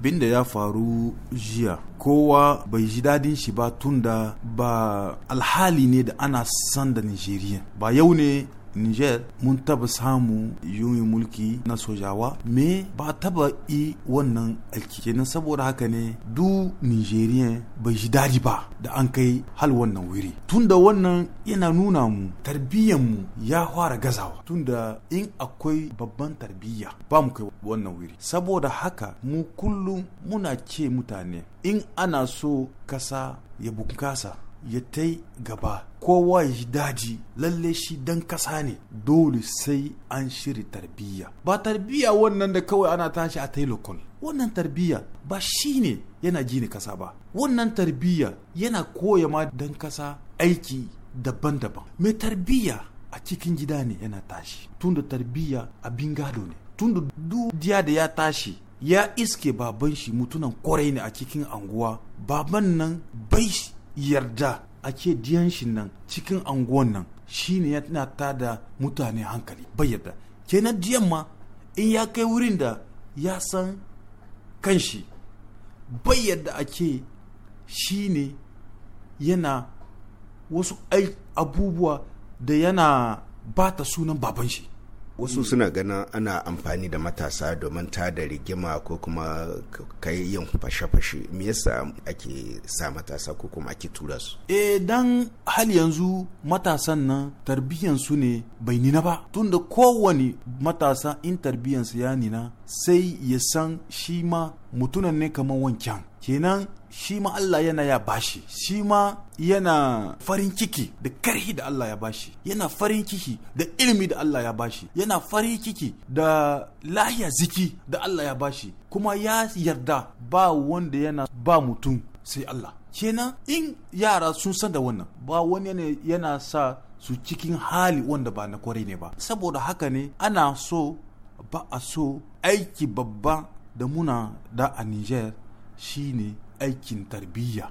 abin da ya faru jiya kowa bai ji dadin shi ba tunda ba alhali ne da ana san da nijeriya ba yau ne niger mun taba samu yuyin mulki na sojawa me ba taba yi wannan aiki kenan saboda haka ne du nigerian bai ji daɗi ba da an kai hal wannan wuri tunda wannan yana nuna mu mu ya fara gazawa tunda in akwai babban tarbiyya ba mu kai wannan wuri saboda haka mu kullum muna ce mutane in ana so kasa ya bunkasa ya ta gaba kowa ya shi daji lalle shi dan kasa ne dole sai an shiri tarbiyya ba tarbiyya wannan da kawai ana tashi a tailokol wannan tarbiyya ba shi ne yana gini kasa ba wannan tarbiyya yana koya ma dan kasa aiki daban-daban mai tarbiyya a cikin gida ne yana tashi tunda tarbiyya abin gado ne tunda duk da ya tashi ya iske baban shi mutunan kwarai ne a cikin anguwa baban nan bai shi. yarda ake diyan shi nan cikin anguwan nan shine yana da mutane hankali bai yarda kenan diyan ma in ya kai wurin da ya san kanshi bai yarda ake shine yana wasu abubuwa da yana bata sunan babanshi. wasu suna ganin ana amfani da matasa domin ta da rigima ko kuma kai yin fashe-fashe me yasa ake sa matasa ko kuma ake tura su eh dan hal yanzu matasan nan tarbiyyan su ne bai nina ba tunda kowane matasa in tarbiyyansu su ya nina sai ya san shi ma mutunan ne kamar wancan kenan shi ma Allah yana ya bashi shi ma yana farin ciki da karhi da Allah ya bashi yana farin ciki da ilimi da Allah ya bashi yana farin ciki da lahiya ziki da Allah ya bashi kuma ya yarda ba wanda yana ba mutum sai Allah kenan in yara sun san da wannan ba wani yana sa su cikin hali wanda ba na kwarai ne ba saboda haka ne ana so ba a so aiki babba da muna da a Niger shine aikin tarbiyya.